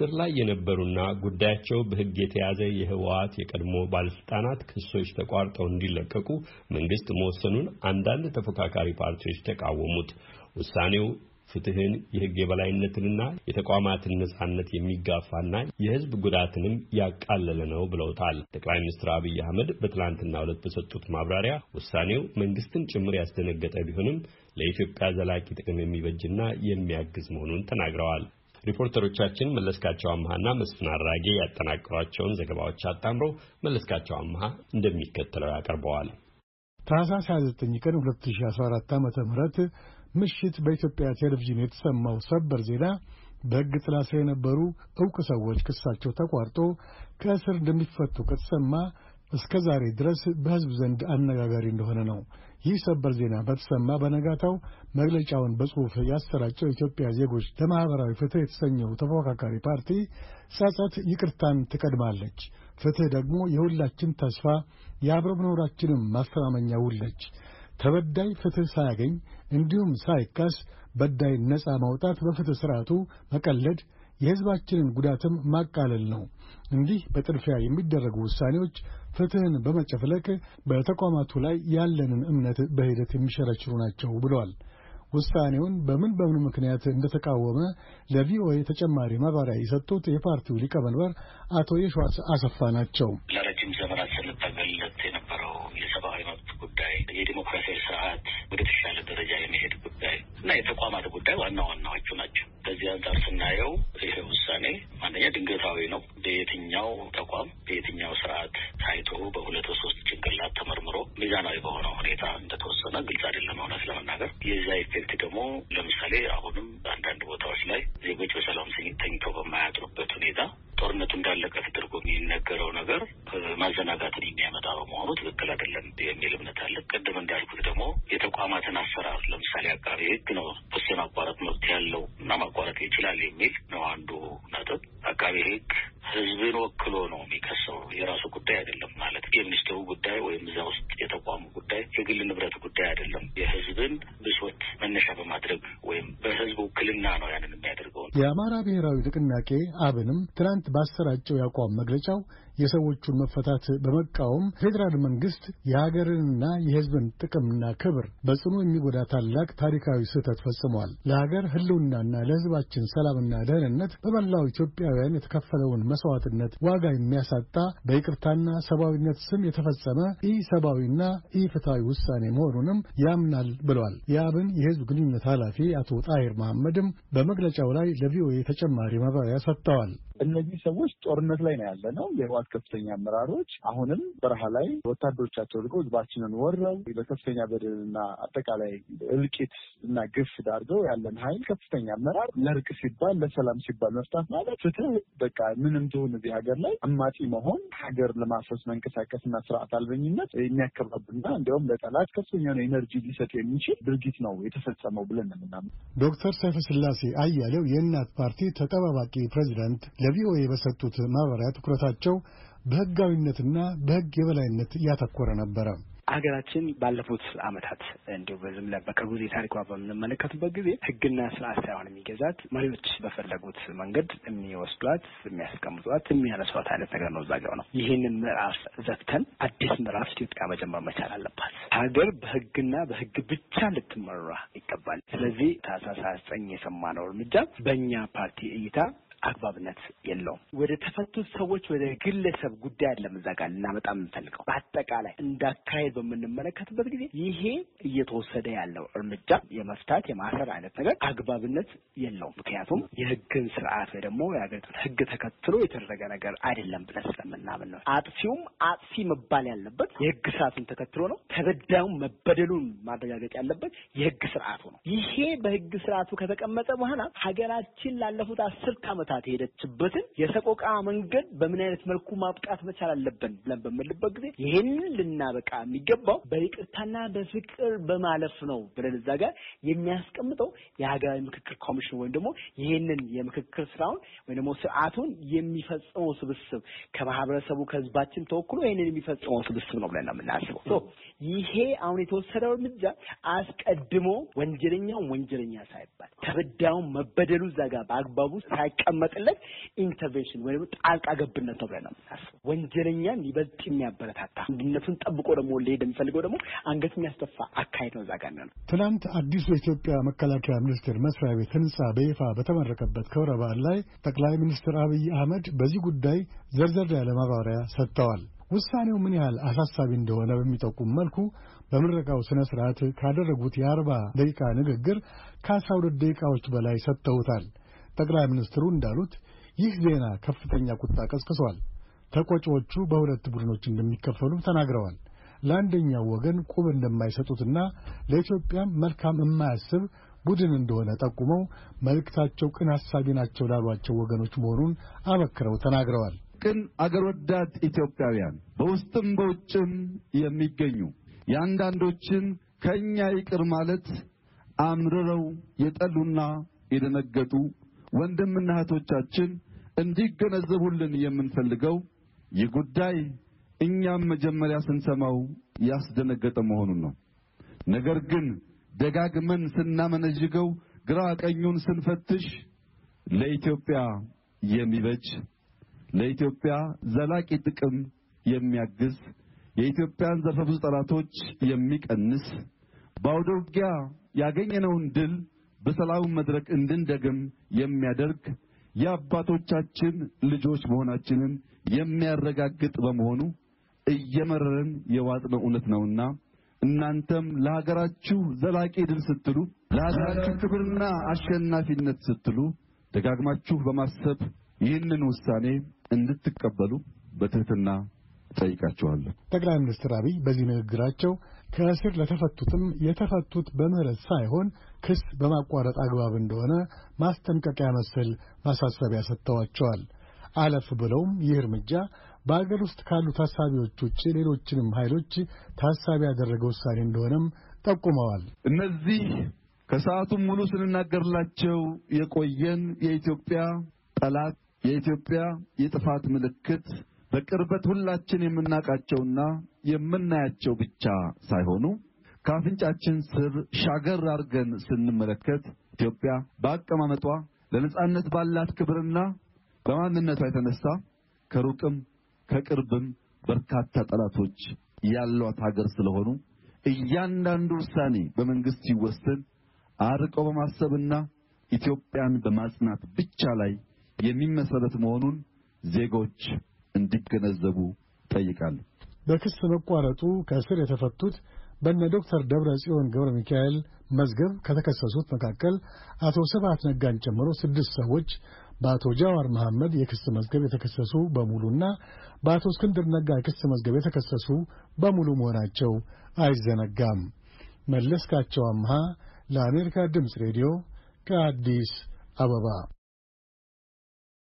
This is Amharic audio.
በእስር ላይ የነበሩና ጉዳያቸው በሕግ የተያዘ የህወሓት የቀድሞ ባለስልጣናት ክሶች ተቋርጠው እንዲለቀቁ መንግስት መወሰኑን አንዳንድ ተፎካካሪ ፓርቲዎች ተቃወሙት። ውሳኔው ፍትህን፣ የሕግ የበላይነትንና የተቋማትን ነጻነት የሚጋፋና የህዝብ ጉዳትንም ያቃለለ ነው ብለውታል። ጠቅላይ ሚኒስትር አብይ አህመድ በትላንትና ዕለት በሰጡት ማብራሪያ ውሳኔው መንግስትን ጭምር ያስደነገጠ ቢሆንም ለኢትዮጵያ ዘላቂ ጥቅም የሚበጅና የሚያግዝ መሆኑን ተናግረዋል። ሪፖርተሮቻችን መለስካቸው አምሃና መስፍን አራጌ ያጠናቀሯቸውን ዘገባዎች አጣምሮ መለስካቸው አመሃ እንደሚከተለው ያቀርበዋል። ታህሳስ 29 ቀን 2014 ዓ ም ምሽት በኢትዮጵያ ቴሌቪዥን የተሰማው ሰበር ዜና በሕግ ጥላ ስር የነበሩ ዕውቅ ሰዎች ክሳቸው ተቋርጦ ከእስር እንደሚፈቱ ከተሰማ እስከ ዛሬ ድረስ በሕዝብ ዘንድ አነጋጋሪ እንደሆነ ነው ይህ ሰበር ዜና በተሰማ በነጋታው መግለጫውን በጽሑፍ ያሰራጨው የኢትዮጵያ ዜጎች ለማኅበራዊ ፍትሕ የተሰኘው ተፎካካሪ ፓርቲ ጸጸት ይቅርታን ትቀድማለች፣ ፍትሕ ደግሞ የሁላችን ተስፋ የአብረ መኖራችንም ማስተማመኛ ውለች። ተበዳይ ፍትህ ሳያገኝ እንዲሁም ሳይካስ በዳይ ነጻ ማውጣት በፍትህ ስርዓቱ መቀለድ የህዝባችንን ጉዳትም ማቃለል ነው። እንዲህ በጥድፊያ የሚደረጉ ውሳኔዎች ፍትህን በመጨፍለቅ በተቋማቱ ላይ ያለንን እምነት በሂደት የሚሸረችሩ ናቸው ብለዋል። ውሳኔውን በምን በምን ምክንያት እንደተቃወመ ለቪኦኤ ተጨማሪ ማብራሪያ የሰጡት የፓርቲው ሊቀመንበር አቶ የሸዋስ አሰፋ ናቸው። ለረጅም ዘመናት ለመስራት ወደ ተሻለ ደረጃ የመሄድ ጉዳይ እና የተቋማት ጉዳይ ዋና ዋናዎቹ ናቸው። ከዚህ አንጻር ስናየው ይሄ ውሳኔ አንደኛ ድንገታዊ ነው። በየትኛው ተቋም በየትኛው ስርዓት ታይቶ በሁለት ሶስት ጭንቅላት ተመርምሮ ሚዛናዊ በሆነ ሁኔታ እንደተወሰነ ግልጽ አይደለም፣ እውነት ለመናገር የዛ ኢፌክት ደግሞ ለምሳሌ አሁንም አንዳንድ ቦታዎች ላይ ዜጎች በሰላም ተኝተው በማያጥሩበት ሁኔታ ጦርነቱ እንዳለቀ ተደርጎ የሚነገረው ነገር ማዘናጋትን የሚያመጣ በመሆኑ ትክክል አይደለም የሚል እምነት አለ። ቅድም እንዳልኩት ደግሞ የተቋማትን አሰራር ለምሳሌ አቃቤ ሕግ ነው ክስ የማቋረጥ መብት ያለው እና ማቋረጥ ይችላል የሚል ነው አንዱ ነጥብ። አቃቤ ሕግ ሕዝብን ወክሎ ነው የሚከሰው የራሱ ጉዳይ አይደለም ማለት የሚኒስትሩ ጉዳይ ወይም እዛ ውስጥ የተቋሙ ጉዳይ የግል ንብረት ጉዳይ አይደለም። የሕዝብን ብሶት መነሻ በማድረግ ወይም በሕዝብ ውክልና ነው ያንን የሚያደርገው። የአማራ ብሔራዊ ንቅናቄ አብንም ትናንት ባሰራጨው ያቋም መግለጫው የሰዎቹን መፈታት በመቃወም ፌዴራል መንግስት የሀገርንና የሕዝብን ጥቅምና ክብር በጽኑ የሚጎዳ ታላቅ ታሪካዊ ስህተት ፈጽሟል። ለሀገር ህልውናና ለሕዝባችን ሰላምና ደህንነት በመላው ኢትዮጵያውያን የተከፈለውን መስዋዕትነት ዋጋ የሚያሳጣ በይቅርታና ሰብአዊነት ስም የተፈጸመ ኢ ሰብአዊና ኢ ፍትሃዊ ውሳኔ መሆኑንም ያምናል ብሏል። የአብን የህዝብ ግንኙነት ኃላፊ አቶ ጣሂር መሐመድም በመግለጫው ላይ ለቪኦኤ ተጨማሪ ማብራሪያ ሰጥተዋል። እነዚህ ሰዎች ጦርነት ላይ ነው ያለ ነው። የህወሓት ከፍተኛ አመራሮች አሁንም በረሃ ላይ ወታደሮቻቸው ልቀው ህዝባችንን ወረው በከፍተኛ በደልና አጠቃላይ እልቂት እና ግፍ ዳርገው ያለን ሀይል ከፍተኛ አመራር ለእርቅ ሲባል ለሰላም ሲባል መፍታት ማለት ፍትህ በቃ ምንም ትሁን እዚህ ሀገር ላይ አማጺ መሆን ሀገር ለማፈስ መንቀሳቀስ እና ስርዓት አልበኝነት የሚያከባብና እንዲሁም ለጠላት ከፍተኛ ነው ኤነርጂ ሊሰጥ የሚችል ድርጊት ነው የተፈጸመው ብለን ነው የምናምነው። ዶክተር ሰይፈ ስላሴ አያሌው የእናት ፓርቲ ተጠባባቂ ፕሬዚዳንት ለቪኦኤ በሰጡት ማብራሪያ ትኩረታቸው በህጋዊነትና በህግ የበላይነት እያተኮረ ነበረ። ሀገራችን ባለፉት አመታት እንዲሁ በዝም ብለን በቅርብ ጊዜ ታሪኳ በምንመለከትበት ጊዜ ህግና ስርዓት ሳይሆን የሚገዛት መሪዎች በፈለጉት መንገድ የሚወስዷት፣ የሚያስቀምጧት፣ የሚያነሷት አይነት ነገር ነው። እዛጋው ነው። ይህንን ምዕራፍ ዘግተን አዲስ ምዕራፍ ኢትዮጵያ መጀመር መቻል አለባት። ሀገር በህግና በህግ ብቻ ልትመራ ይገባል። ስለዚህ ታህሳስ ዘጠኝ የሰማነው እርምጃ በእኛ ፓርቲ እይታ አግባብነት የለውም። ወደ ተፈቱት ሰዎች ወደ ግለሰብ ጉዳይ አይደለም እዛ ጋር ልናመጣ የምንፈልገው በአጠቃላይ እንዳካሄድ በምንመለከትበት ጊዜ ይሄ እየተወሰደ ያለው እርምጃ የመፍታት የማሰር አይነት ነገር አግባብነት የለውም። ምክንያቱም የህግን ስርዓት ወይ ደግሞ የሀገሪቱን ህግ ተከትሎ የተደረገ ነገር አይደለም ብለን ስለምናምን ነው። አጥፊውም አጥፊ መባል ያለበት የህግ ስርዓቱን ተከትሎ ነው። ተበዳዩም መበደሉን ማረጋገጥ ያለበት የህግ ስርዓቱ ነው። ይሄ በህግ ስርዓቱ ከተቀመጠ በኋላ ሀገራችን ላለፉት አስርት አመት ለዓመታት የሄደችበትን የሰቆቃ መንገድ በምን አይነት መልኩ ማብቃት መቻል አለብን ብለን በምልበት ጊዜ ይህንን ልናበቃ የሚገባው በይቅርታና በፍቅር በማለፍ ነው ብለን እዛ ጋር የሚያስቀምጠው የሀገራዊ ምክክር ኮሚሽን ወይም ደግሞ ይህንን የምክክር ስራውን ወይም ደግሞ ስርዓቱን የሚፈጽመው ስብስብ ከማህበረሰቡ ከህዝባችን ተወክሎ ይህንን የሚፈጽመው ስብስብ ነው ብለን ነው የምናስበው። ይሄ አሁን የተወሰደው እርምጃ አስቀድሞ ወንጀለኛውን ወንጀለኛ ሳይባል ተበዳዩን መበደሉ እዛ ጋር በአግባቡ ሳይቀመ የሚቀመጥለት ኢንተርቬንሽን ወይም ጣልቃ ገብነት ነው ብለን ነው የምናስበው። ወንጀለኛን ይበልጥ የሚያበረታታ አንድነቱን ጠብቆ ደግሞ ሊሄድ የሚፈልገው ደግሞ አንገት የሚያስተፋ አካሄድ ነው። እዛ ጋር ነው። ትናንት አዲሱ የኢትዮጵያ መከላከያ ሚኒስቴር መስሪያ ቤት ህንጻ በይፋ በተመረቀበት ክብረ በዓል ላይ ጠቅላይ ሚኒስትር አብይ አህመድ በዚህ ጉዳይ ዘርዘር ያለ ማብራሪያ ሰጥተዋል። ውሳኔው ምን ያህል አሳሳቢ እንደሆነ በሚጠቁም መልኩ በምረቃው ስነ ስርዓት ካደረጉት የአርባ ደቂቃ ንግግር ከአስራ ሁለት ደቂቃዎች በላይ ሰጥተውታል። ጠቅላይ ሚኒስትሩ እንዳሉት ይህ ዜና ከፍተኛ ቁጣ ቀስቅሷል። ተቆጪዎቹ በሁለት ቡድኖች እንደሚከፈሉ ተናግረዋል። ለአንደኛው ወገን ቁብ እንደማይሰጡትና ለኢትዮጵያም መልካም የማያስብ ቡድን እንደሆነ ጠቁመው መልእክታቸው ቅን ሐሳቢ ናቸው ላሏቸው ወገኖች መሆኑን አበክረው ተናግረዋል። ቅን አገር ወዳድ ኢትዮጵያውያን በውስጥም በውጭም የሚገኙ የአንዳንዶችን ከእኛ ይቅር ማለት አምርረው የጠሉና የደነገጡ ወንድምና እህቶቻችን እንዲገነዘቡልን የምንፈልገው ይህ ጉዳይ እኛም መጀመሪያ ስንሰማው ያስደነገጠ መሆኑን ነው። ነገር ግን ደጋግመን ስናመነዥገው፣ ግራ ቀኙን ስንፈትሽ ለኢትዮጵያ የሚበጅ ለኢትዮጵያ ዘላቂ ጥቅም የሚያግዝ የኢትዮጵያን ዘርፈ ብዙ ጠላቶች የሚቀንስ በአውደ ውጊያ ያገኘነውን ድል በሰላም መድረክ እንድንደግም የሚያደርግ የአባቶቻችን ልጆች መሆናችንን የሚያረጋግጥ በመሆኑ እየመረረን የዋጥነው እውነት ነውና እናንተም ለሀገራችሁ ዘላቂ ድል ስትሉ፣ ለሀገራችሁ ክብርና አሸናፊነት ስትሉ ደጋግማችሁ በማሰብ ይህንን ውሳኔ እንድትቀበሉ በትህትና ጠይቃችኋለሁ። ጠቅላይ ሚኒስትር አብይ በዚህ ንግግራቸው ከእስር ለተፈቱትም የተፈቱት በምህረት ሳይሆን ክስ በማቋረጥ አግባብ እንደሆነ ማስጠንቀቂያ መሰል ማሳሰቢያ ሰጥተዋቸዋል። አለፍ ብለውም ይህ እርምጃ በአገር ውስጥ ካሉ ታሳቢዎች ውጭ ሌሎችንም ኃይሎች ታሳቢ ያደረገ ውሳኔ እንደሆነም ጠቁመዋል። እነዚህ ከሰዓቱም ሙሉ ስንናገርላቸው የቆየን የኢትዮጵያ ጠላት የኢትዮጵያ የጥፋት ምልክት በቅርበት ሁላችን የምናውቃቸውና የምናያቸው ብቻ ሳይሆኑ ከአፍንጫችን ስር ሻገር አድርገን ስንመለከት ኢትዮጵያ በአቀማመጧ ለነጻነት ባላት ክብርና በማንነቷ የተነሳ ከሩቅም ከቅርብም በርካታ ጠላቶች ያሏት ሀገር ስለሆኑ እያንዳንዱ ውሳኔ በመንግስት ሲወሰን አርቆ በማሰብና ኢትዮጵያን በማጽናት ብቻ ላይ የሚመሰረት መሆኑን ዜጎች እንዲገነዘቡ ጠይቃለሁ። በክስ መቋረጡ ከእስር የተፈቱት በነ ዶክተር ደብረ ጽዮን ገብረ ሚካኤል መዝገብ ከተከሰሱት መካከል አቶ ስብሐት ነጋን ጨምሮ ስድስት ሰዎች በአቶ ጃዋር መሐመድ የክስ መዝገብ የተከሰሱ በሙሉና በአቶ እስክንድር ነጋ የክስ መዝገብ የተከሰሱ በሙሉ መሆናቸው አይዘነጋም። መለስካቸው አምሃ ለአሜሪካ ድምፅ ሬዲዮ ከአዲስ አበባ